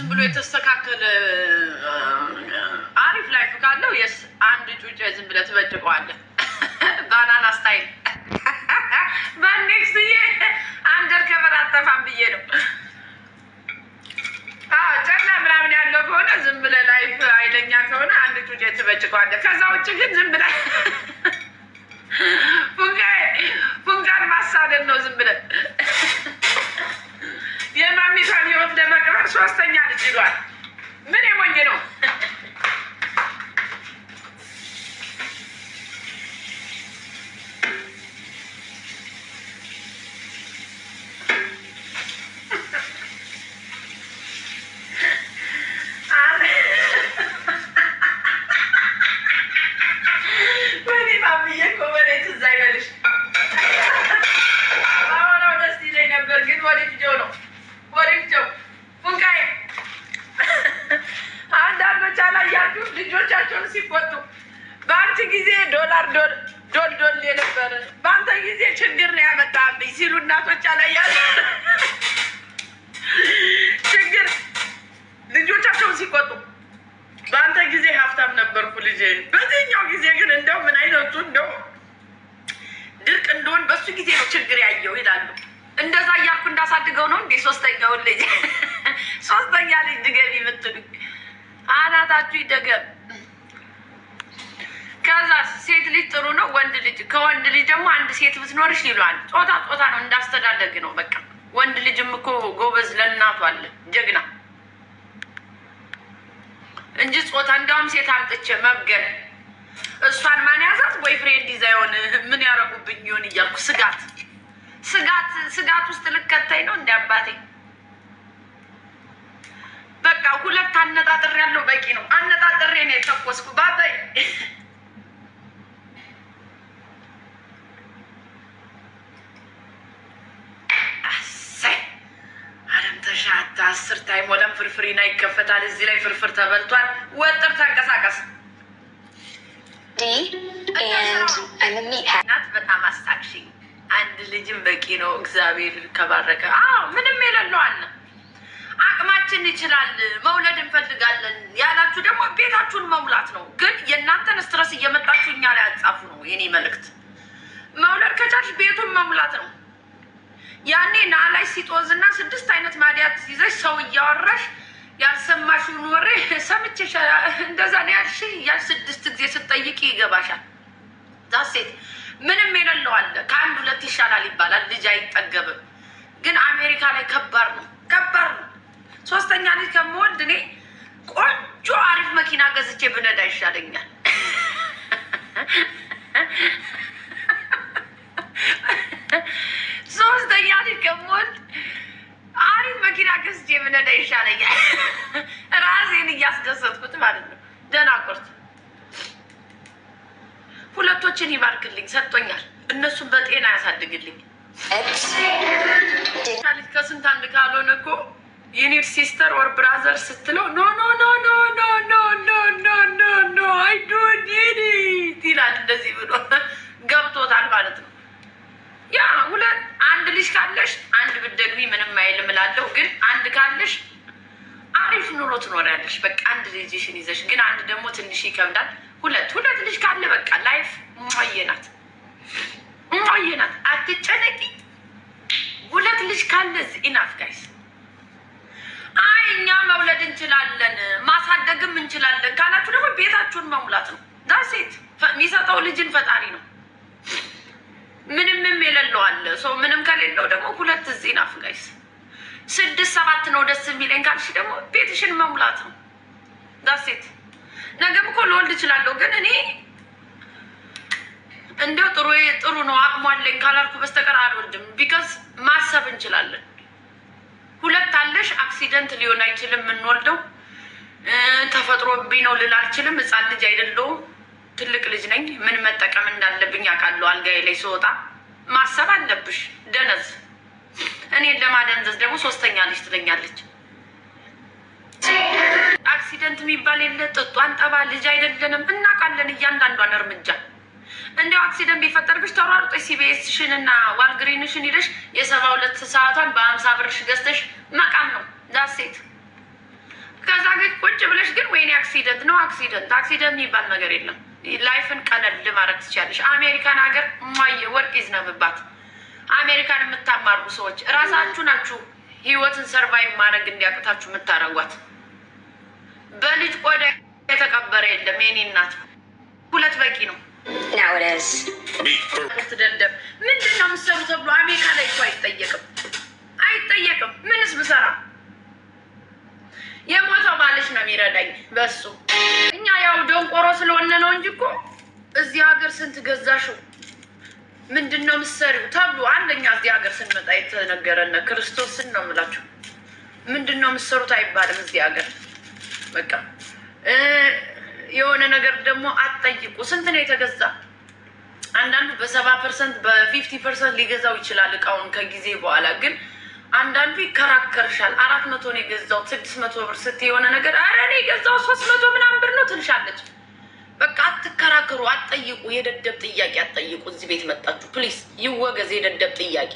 ዝም ብሎ የተስተካከለ አሪፍ ላይፍ ካለው የስ አንድ ጩጭ ዝም ብለህ ትበድቀዋለህ። ባናና ስታይል በኔክስት ዬ አንደር ከበር አጠፋም ብዬ ነው። ጨላ ምናምን ያለው ከሆነ ዝም ብለህ ላይፍ አይለኛ ከሆነ አንድ ጩጭ ትበጭቀዋለህ። ከዛ ውጭ ግን ዝም ብለህ Leroy. ዶል ዶል የነበረ በአንተ ጊዜ ችግር ነው ያመጣብኝ ሲሉ እናቶች አላያል ችግር ልጆቻቸውን ሲቆጡ በአንተ ጊዜ ሀብታም ነበርኩ ልጄ። በዚህኛው ጊዜ ግን እንደው ምን አይነቱ እንደው ድርቅ እንደሆን በሱ ጊዜ ነው ችግር ያየው ይላሉ። እንደዛ እያልኩ እንዳሳድገው ነው እንዴ ሶስተኛውን ልጅ ሶስተኛ ልጅ ድገም የምትሉ አናታችሁ ይደገም። ከዛ ሴት ልጅ ጥሩ ነው፣ ወንድ ልጅ ከወንድ ልጅ ደግሞ አንድ ሴት ብትኖርሽ ይሏል። ጾታ ጾታ ነው፣ እንዳስተዳደግ ነው በቃ። ወንድ ልጅም እኮ ጎበዝ ለእናቱ አለ ጀግና እንጂ ጾታ እንዲያውም ሴት አምጥቼ መብገን እሷን ማን ያዛት? ወይ ፍሬንድ ይዛ ይሆን ምን ያደረጉብኝ ይሆን እያልኩ ስጋት ስጋት ስጋት ውስጥ ልከታይ ነው እንደ አባቴ። በቃ ሁለት አነጣጥሬ ያለው በቂ ነው። አነጣጥሬ ነው የተኮስኩ ባበይ አስር ታይም ወደም ፍርፍሪና ይከፈታል። እዚህ ላይ ፍርፍር ተበልቷል። ወጥር ተንቀሳቀስ። እናት በጣም አስታክሽኝ። አንድ ልጅም በቂ ነው። እግዚአብሔር ከባረከ ምንም የለለዋል። አቅማችን ይችላል። መውለድ እንፈልጋለን ያላችሁ ደግሞ ቤታችሁን መሙላት ነው። ግን የእናንተን ስትረስ እየመጣችሁ እኛ ላይ አጻፉ ነው የኔ መልእክት። መውለድ ከቻልሽ ቤቱን መሙላት ነው። ያኔ ናላይ ሲጦዝና ስድስት አይነት ማዲያት ይዘሽ ሰው እያወራሽ ያልሰማሽውን ወሬ ሰምቼሽ እንደዛ ነው ያልሽ እያልሽ ስድስት ጊዜ ስጠይቅ ይገባሻል። ዛሴት ምንም የሌለው አለ ከአንድ ሁለት ይሻላል ይባላል። ልጅ አይጠገብም፣ ግን አሜሪካ ላይ ከባድ ነው፣ ከባድ ነው። ሶስተኛ ልጅ ከምወልድ እኔ ቆንጆ አሪፍ መኪና ገዝቼ ብነዳ ይሻለኛል። እህቶችን ይባርክልኝ፣ ሰጥቶኛል። እነሱን በጤና ያሳድግልኝ። ከስንት አንድ ካልሆነ እኮ የኔር ሲስተር ወር ብራዘር ስትለው ኖ ኖ ኖ ኖ ኖ ኖ ኖ ኖ ኖ ኖ አይ ዶንት ኒድ ኢት ይላል። እንደዚህ ብሎ ገብቶታል ማለት ነው። ያ ሁለት አንድ ልጅ ካለሽ አንድ ብደግሚ ምንም አይልም እላለሁ፣ ግን አንድ ካለሽ አሪፍ ኑሮ ትኖሪያለሽ። በቃ አንድ ልጅሽን ይዘሽ ግን አንድ ደግሞ ትንሽ ይከብዳል። ሁለት ሁለት ልጅ ካለ በቃ ላይፍ ሞየናት ሞየናት፣ አትጨነቂ። ሁለት ልጅ ካለ ኢናፍ ጋይስ። አይ እኛ መውለድ እንችላለን ማሳደግም እንችላለን ካላችሁ ደግሞ ቤታችሁን መሙላት ነው። ዳሴት የሚሰጠው ልጅን ፈጣሪ ነው። ምንምም የሌለው አለ ሰው። ምንም ከሌለው ደግሞ ሁለት ናፍ ጋይስ። ስድስት ሰባት ነው ደስ የሚለኝ ካልሽ ደግሞ ቤትሽን መሙላት ነው። ዳሴት ነገም እኮ ልወልድ እችላለሁ፣ ግን እኔ እንደው ጥሩ ጥሩ ነው አቅሙ አለኝ ካላልኩ በስተቀር አልወልድም። ቢካዝ ማሰብ እንችላለን። ሁለት አለሽ፣ አክሲደንት ሊሆን አይችልም የምንወልደው ተፈጥሮ ነው ልል አልችልም። ህፃን ልጅ አይደለሁም፣ ትልቅ ልጅ ነኝ። ምን መጠቀም እንዳለብኝ አውቃለሁ። አልጋዬ ላይ ስወጣ ማሰብ አለብሽ። ደነዝ እኔን ለማደንዘዝ ደግሞ ሶስተኛ ልጅ ትለኛለች። አክሲደንት የሚባል የለ ጥጡ አንጠባ ልጅ አይደለንም፣ እናውቃለን እያንዳንዷን እርምጃ። እንዲያው አክሲደንት ቢፈጠርብሽ ተሯርጦች ሲቤስሽን እና ዋልግሪንሽን ሂደሽ የሰባ ሁለት ሰዓቷን በአምሳ ብርሽ ገዝተሽ መቃም ነው ዛሴት ከዛ ግን ቁጭ ብለሽ ግን ወይኔ አክሲደንት ነው አክሲደንት አክሲደንት የሚባል ነገር የለም። ላይፍን ቀለል ማድረግ ትችላለሽ። አሜሪካን ሀገር ማየ ወርቅ ይዝነብባት። አሜሪካን የምታማርጉ ሰዎች እራሳችሁ ናችሁ ህይወትን ሰርቫይቭ ማድረግ እንዲያቅታችሁ የምታደርጓት። በልጅ ቆዳ የተቀበረ የለም። የኔ እናት ሁለት በቂ ነው። ትደደብ ምንድን ነው የምትሰሩ ተብሎ አሜሪካ ላይ እኮ አይጠየቅም፣ አይጠየቅም። ምንስ ብሰራ የሞተው ባልሽ ነው የሚረዳኝ። በሱ እኛ ያው ደንቆሮ ስለሆነ ነው እንጂ እኮ እዚህ ሀገር ስንት ገዛሽው ምንድን ነው የምትሰሪው ተብሎ አንደኛ እዚህ ሀገር ስንመጣ የተነገረን ክርስቶስን ነው የምላችሁ። ምንድን ነው የምትሰሩት አይባልም እዚህ ሀገር በቃ የሆነ ነገር ደግሞ አትጠይቁ። ስንት ነው የተገዛ? አንዳንዱ በሰባ ፐርሰንት በፊፍቲ ፐርሰንት ሊገዛው ይችላል እቃውን ከጊዜ በኋላ ግን አንዳንዱ ይከራከርሻል። አራት መቶ ነው የገዛው ስድስት መቶ ብር ስት የሆነ ነገር አረ እኔ የገዛው ሶስት መቶ ምናምን ብር ነው ትንሻለች። በቃ አትከራከሩ፣ አትጠይቁ። የደደብ ጥያቄ አትጠይቁ። እዚህ ቤት መጣችሁ ፕሊስ፣ ይወገዝ የደደብ ጥያቄ።